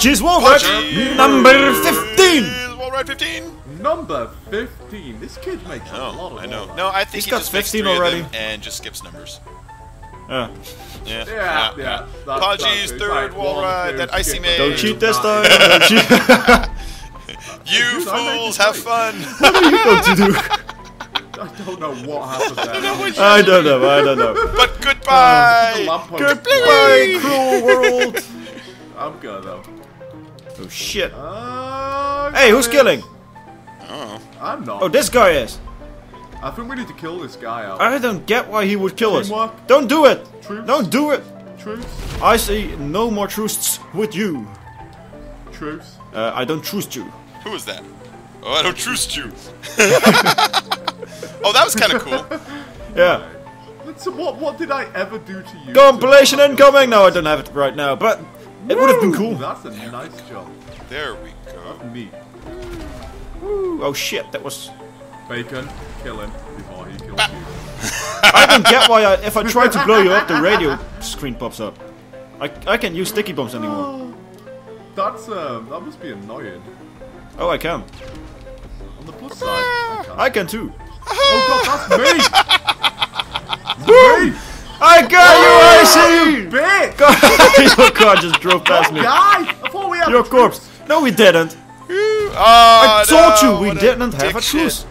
Hodge is Wall Hodge number 15! Wall Road 15? Number 15. This kid makes oh, a lot of I know. Wall. No, I think He's he got just 15 already. and just skips numbers. Uh. Yeah. Yeah, yeah. yeah. That's, Podgy's third like wall ride, that icy man. Don't cheat this time. you fools, have fun. what are you going to do? I don't know what happened there. I don't know. I, don't know But oh, goodbye. Uh, goodbye, cruel world. I'm good though. Oh shit. Uh, hey, who's killing? Oh. I'm not. Oh, this guy is. I think we need to kill this guy out. I don't get why he would kill Teamwork. us. Don't do it. Truce. Don't do it. Truce. I say no more truths with you. Truce. Uh, I don't trust you. Who is that? Oh, I don't trust you. oh, that was kind of cool. yeah. So what, what did I ever do to you? Compilation incoming! No, I don't have it right now, but it would have been cool. That's a there nice jump. There we go. Me. Oh shit, that was... Bacon, kill him before he kills bah. you. I don't get why I, if I try to blow you up, the radio screen pops up. I, I can't use sticky bombs anymore. That's, uh, that must be annoying. Oh, I can. On the plus side, I can, I can too. oh god, that's me! that's me! I got you, I oh, see you! Bitch! your car just drove past me. Guy, I thought we had Your corpse. No, we didn't. Oh, I told no, you we didn't have a truce.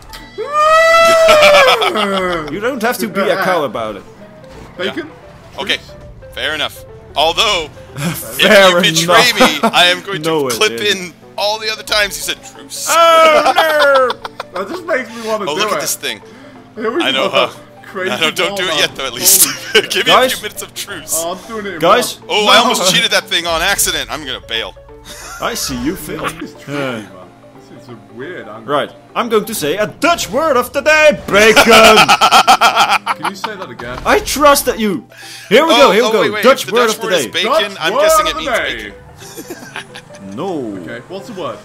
you don't have to be a cow about it. Bacon? Yeah. Okay, fair enough. Although, if you betray enough. me, I am going no, to clip in all the other times you said truce. Oh, no! that just makes me want to oh, do it. Oh, look at this thing. I know, huh? crazy. No, no don't do it yet, though, at least. Give me Guys? a few minutes of truce. Oh, I'm doing it Guys? Oh, no. I almost cheated that thing on accident. I'm gonna bail. I see you failed. This is a weird angle. Right. I'm going to say a Dutch word of the day, bacon! Can you say that again? I trust that you. Here we oh, go, here oh, we go. Wait, wait. Dutch the word Dutch of word the day. bacon, Dutch I'm guessing it means bacon. no. Okay, what's the word?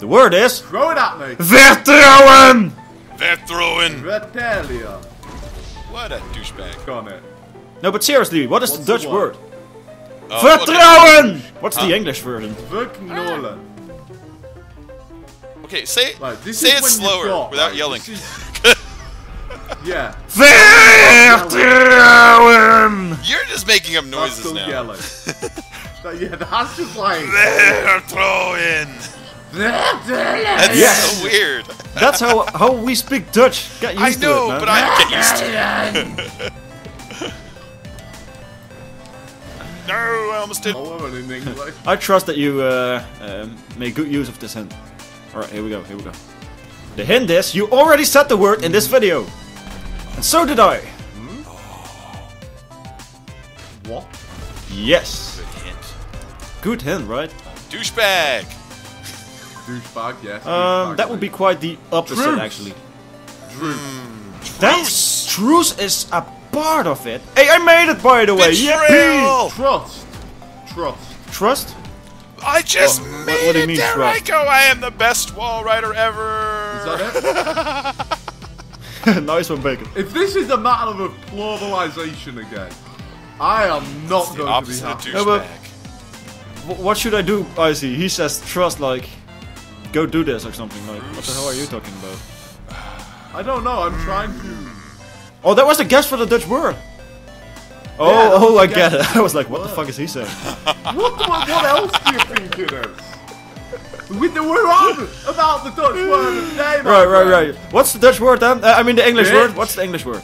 The word is... Throw it at me. Vertrouwen! Vertrouwen. Vertrouwen. What a douchebag. Go No, but seriously, what is What's the Dutch oh, the word? Uh, Vertrouwen! What's huh? the English version? Verknolen. Okay, say it, like, say it slower got, without like, yelling. yeah. Vertrouwen! You're just making up noises that's now. Yelling. yeah, that's just like... Vertrouwen! That's yes. so weird. That's how how we speak Dutch. Get used I know, to it, man. but I get used to it. no, I almost did. I trust that you uh, um, make good use of this hint. All right, here we go. Here we go. The hint is you already said the word in this video, and so did I. Hmm? What? Yes. Good hint. Good hint, right? Douchebag douchebag, yes. Um, that would be quite the opposite, Truce. actually. Truce. Mm. That's truce is a part of it. Hey, I made it by the way. Yeah. Trust. Trust. Trust. I just oh, made what, what it, Dereko. I am the best wall rider ever. Is that it? nice one, Bacon. If this is a matter of pluralization again, I am not it's going to be happy. No, what should I do, Icy? He says trust like go do this or something. Like, what the hell are you talking about? I don't know, I'm trying to... Oh, that was a guess for the Dutch word! Oh, yeah, oh, I get it. I was like, what word. the fuck is he saying? what, the, what else do you think it is? With the, we're on about the Dutch word Right, right, right. What's the Dutch word then? Uh, I mean the English Bitch. word. What's the English word?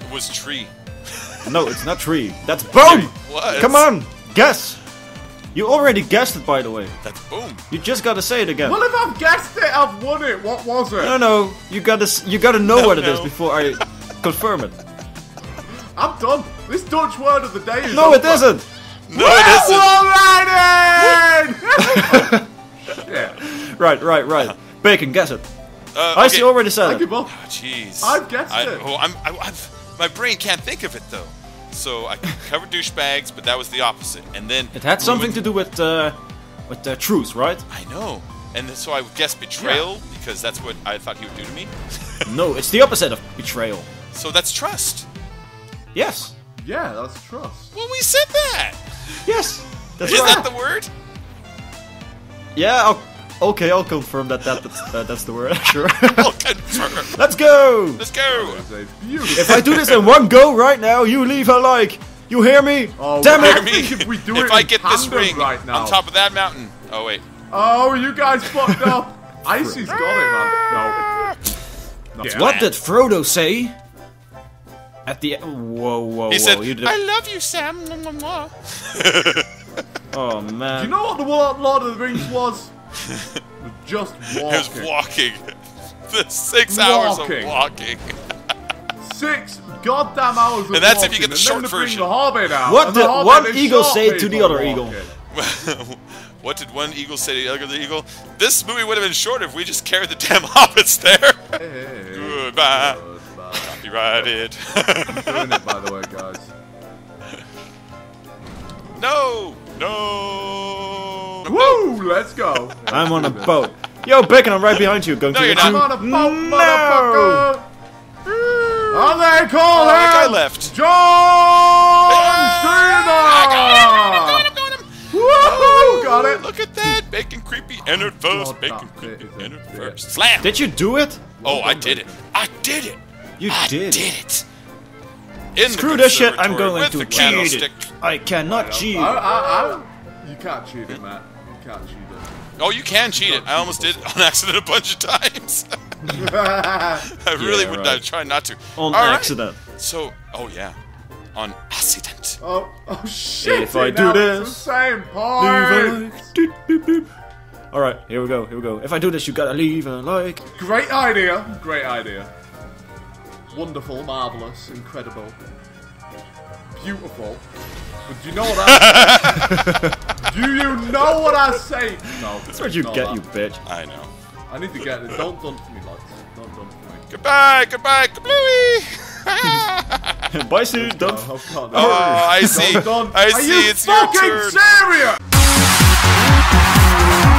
It was tree. no, it's not tree. That's What? Come on, guess! You already guessed it, by the way. That's boom. You just gotta say it again. Well, if I've guessed it, I've won it. What was it? No, no, you gotta you gotta know no, what it no. is before I confirm it. I'm done. This Dutch word of the day is. No, over. it isn't. No, it isn't. yeah. Right, right, right. Bacon, guess it. Uh, okay. I see. Already said I it. Give up. Oh, Jeez. I've guessed I, it. Oh, I'm, I, have my brain can't think of it though. So I covered douchebags, but that was the opposite. And then it had something to do with uh, with the truth, right? I know. And so I would guess betrayal yeah. because that's what I thought he would do to me. no, it's the opposite of betrayal. So that's trust. Yes. Yeah, that's trust. Well, we said that. Yes. That's Is right. that the word? Yeah. Oh, Okay, I'll confirm that, that, that uh, that's the word, sure. Let's go! Let's go! If I do this in one go right now, you leave a like! You hear me? Oh, Damn it! Me. If, we do if it I get this ring right now. on top of that mountain. Oh, wait. Oh, you guys fucked up. Icy's got it, man. No. Yeah. What did Frodo say? At the whoa, whoa, whoa! he Said, you I love you, Sam. oh man! Do you know what the Lord of the Rings was? just walking. It was walking. the six hours walking. of walking. six goddamn hours. and that's walking. if you get the and short version. The what did one eagle say to the other walking. eagle? what did one eagle say to the other eagle? This movie would have been short if we just carried the damn hobbits there. Hey, Goodbye. Goodbye. Copyrighted. I'm doing it, by the way, guys. No! No! Let's go. I'm on a boat. Yo, Beckon, I'm right behind you. Going no, to you're not. I'm on a boat, no! motherfucker. On there, call oh, that guy left. John ah, Cena. I Got it. Look at that. Bacon creepy entered first. Oh, Bacon creepy entered it. first. Slam. Did you do it? Oh, I did it. I did it. You I did. did it. In Screw this shit. I'm going to cheat. I cannot I cheat. I, I, you can't cheat it, Matt can't cheat it. Oh, you can cheat it. I almost did it on accident a bunch of times. I really yeah, would right. not try not to. On All accident. Right. So, oh yeah, on accident. Oh, oh shit! If I do this, same part. All right, here we go. Here we go. If I do this, you gotta leave and like. Great idea. Great idea. Wonderful, marvelous, incredible beautiful. But do you know what I say. Do you know what I say? No. That's what you get, that. you bitch. I know. I need to get it. Don't dump me, lads. Don't dump me. Goodbye, goodbye, kablooey! Bye, Sue. Dump. Oh, oh, I see. Don't, I Are see. It's your turn. Are you fucking serious?